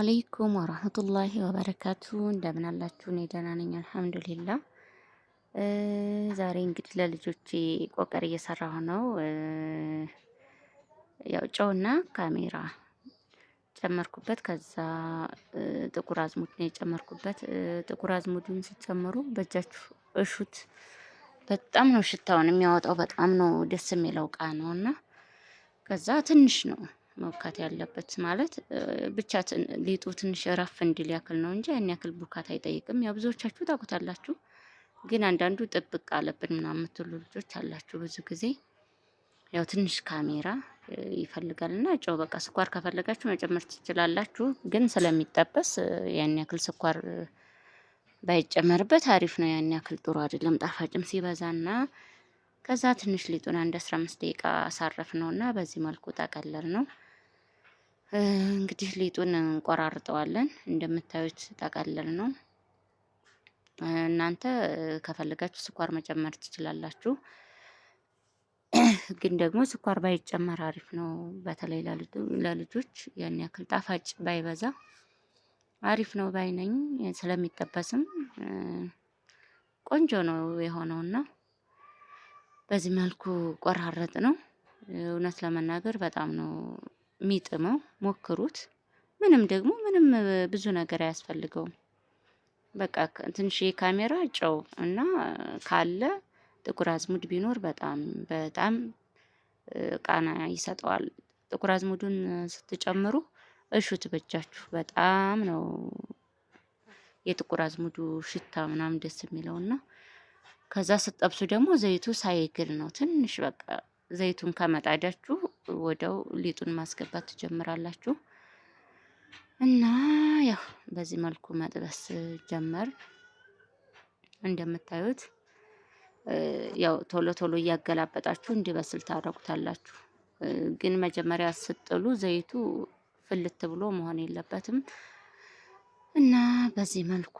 አለይኩም ወራህመቱላሂ ወበረካቱ እንደምን አላችሁ? እኔ ደህና ነኝ አልሐምዱሊላ። ዛሬ እንግዲህ ለልጆቼ ቆቀር እየሰራሁ ነው። ያው ጨውና ካሜራ ጨመርኩበት። ከዛ ጥቁር አዝሙድ ነው የጨመርኩበት። ጥቁር አዝሙዱን ስትጨምሩ በእጃችሁ እሹት። በጣም ነው ሽታውን የሚያወጣው። በጣም ነው ደስ የሚለው እቃ ነውና ከዛ ትንሽ ነው መብካት ያለበት ማለት ብቻ ሊጡ ትንሽ ረፍ እንዲል ያክል ነው እንጂ ያን ያክል ቡካት አይጠይቅም። ያው ብዙዎቻችሁ ታውቁታላችሁ፣ ግን አንዳንዱ ጥብቅ አለብን ምናምን የምትሉ ልጆች አላችሁ። ብዙ ጊዜ ያው ትንሽ ካሜራ ይፈልጋል እና ጨው በቃ ስኳር ከፈለጋችሁ መጨመር ትችላላችሁ። ግን ስለሚጠበስ ያን ያክል ስኳር ባይጨመርበት አሪፍ ነው። ያን ያክል ጥሩ አይደለም፣ ጣፋጭም ሲበዛና ከዛ ትንሽ ሊጡን አንድ አስራ አምስት ደቂቃ አሳረፍ ነው እና በዚህ መልኩ ጠቀለል ነው። እንግዲህ ሊጡን እንቆራርጠዋለን። እንደምታዩት ጠቀለል ነው። እናንተ ከፈለጋችሁ ስኳር መጨመር ትችላላችሁ። ግን ደግሞ ስኳር ባይጨመር አሪፍ ነው። በተለይ ለልጆች ያን ያክል ጣፋጭ ባይበዛ አሪፍ ነው ባይነኝ። ስለሚጠበስም ቆንጆ ነው የሆነውና በዚህ መልኩ ቆራረጥ ነው። እውነት ለመናገር በጣም ነው የሚጥመው ሞክሩት። ምንም ደግሞ ምንም ብዙ ነገር አያስፈልገውም። በቃ ትንሽ የካሜራ ጨው እና ካለ ጥቁር አዝሙድ ቢኖር በጣም በጣም ቃና ይሰጠዋል። ጥቁር አዝሙዱን ስትጨምሩ እሹት በእጃችሁ። በጣም ነው የጥቁር አዝሙዱ ሽታ ምናምን ደስ የሚለውና ከዛ ስትጠብሱ ደግሞ ዘይቱ ሳይግል ነው ትንሽ በቃ ዘይቱን ከመጣዳችሁ ወደው ሊጡን ማስገባት ትጀምራላችሁ። እና ያው በዚህ መልኩ መጥበስ ጀመር። እንደምታዩት ያው ቶሎ ቶሎ እያገላበጣችሁ እንዲበስል ታደርጉታላችሁ። ግን መጀመሪያ ስጥሉ ዘይቱ ፍልት ብሎ መሆን የለበትም እና በዚህ መልኩ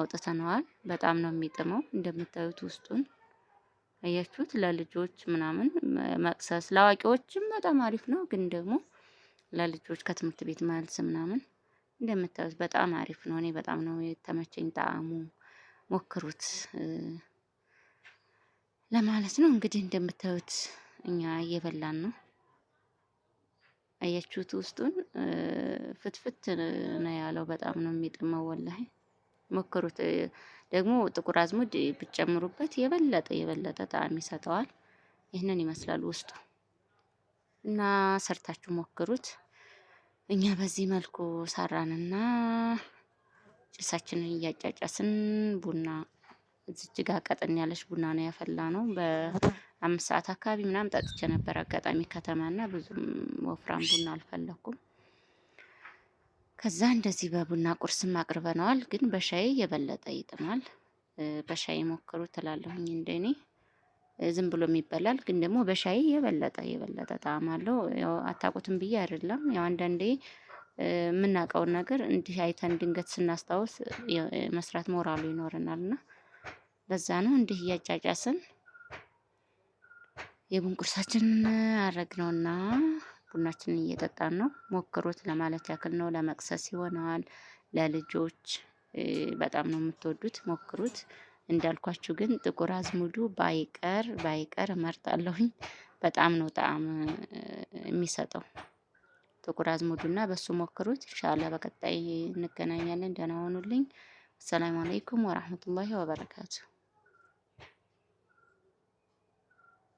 አውጥተነዋል። በጣም ነው የሚጥመው እንደምታዩት ውስጡን አያችሁት? ለልጆች ምናምን መቅሰስ ለአዋቂዎችም በጣም አሪፍ ነው፣ ግን ደግሞ ለልጆች ከትምህርት ቤት መልስ ምናምን እንደምታዩት በጣም አሪፍ ነው። እኔ በጣም ነው የተመቸኝ ጣዕሙ፣ ሞክሩት ለማለት ነው። እንግዲህ እንደምታዩት እኛ እየበላን ነው። አያችሁት? ውስጡን ፍትፍት ነው ያለው። በጣም ነው የሚጥመው ወላሂ ሞክሩት። ደግሞ ጥቁር አዝሙድ ብትጨምሩበት የበለጠ የበለጠ ጣዕም ይሰጠዋል። ይህንን ይመስላል ውስጡ እና ሰርታችሁ ሞክሩት። እኛ በዚህ መልኩ ሰራንና ጭሳችንን እያጫጫስን ቡና እጅግ ቀጠን ያለች ቡና ነው ያፈላ ነው። በአምስት ሰዓት አካባቢ ምናምን ጠጥቼ ነበር። አጋጣሚ ከተማና ብዙም ወፍራም ቡና አልፈለኩም። ከዛ እንደዚህ በቡና ቁርስም አቅርበነዋል፣ ግን በሻይ የበለጠ ይጥማል። በሻይ ሞክሩ ትላለሁኝ እንደኔ ዝም ብሎ ይበላል፣ ግን ደግሞ በሻይ የበለጠ የበለጠ ጣዕም አለው። ያው አታውቁትም ብዬ አይደለም። ያው አንዳንዴ የምናውቀውን ነገር እንዲህ አይተን ድንገት ስናስታውስ መስራት ሞራሉ ይኖረናል እና በዛ ነው እንዲህ እያጫጫስን የቡን ቁርሳችንን አረግነውና ቡናችንን እየጠጣን ነው። ሞክሩት ለማለት ያክል ነው። ለመቅሰስ ይሆነዋል። ለልጆች በጣም ነው የምትወዱት፣ ሞክሩት። እንዳልኳችሁ ግን ጥቁር አዝሙዱ ባይቀር ባይቀር እመርጣለሁኝ። በጣም ነው ጣዕም የሚሰጠው ጥቁር አዝሙዱ አዝሙዱና በሱ ሞክሩት። ኢንሻአላ በቀጣይ እንገናኛለን። ደህና ሆኑልኝ። ሰላም አለይኩም ወራህመቱላሂ ወበረካቱሁ።